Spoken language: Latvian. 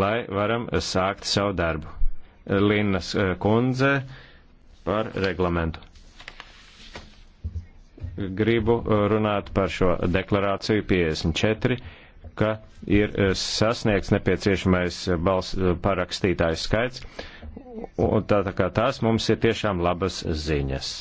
lai varam sākt savu darbu. Linnas eh, kundze par reglamentu. Gribu eh, runāt par šo deklarāciju 54, ka ir eh, sasniegts nepieciešamais balss parakstītājs skaits, un tā, tā kā tās mums ir tiešām labas ziņas.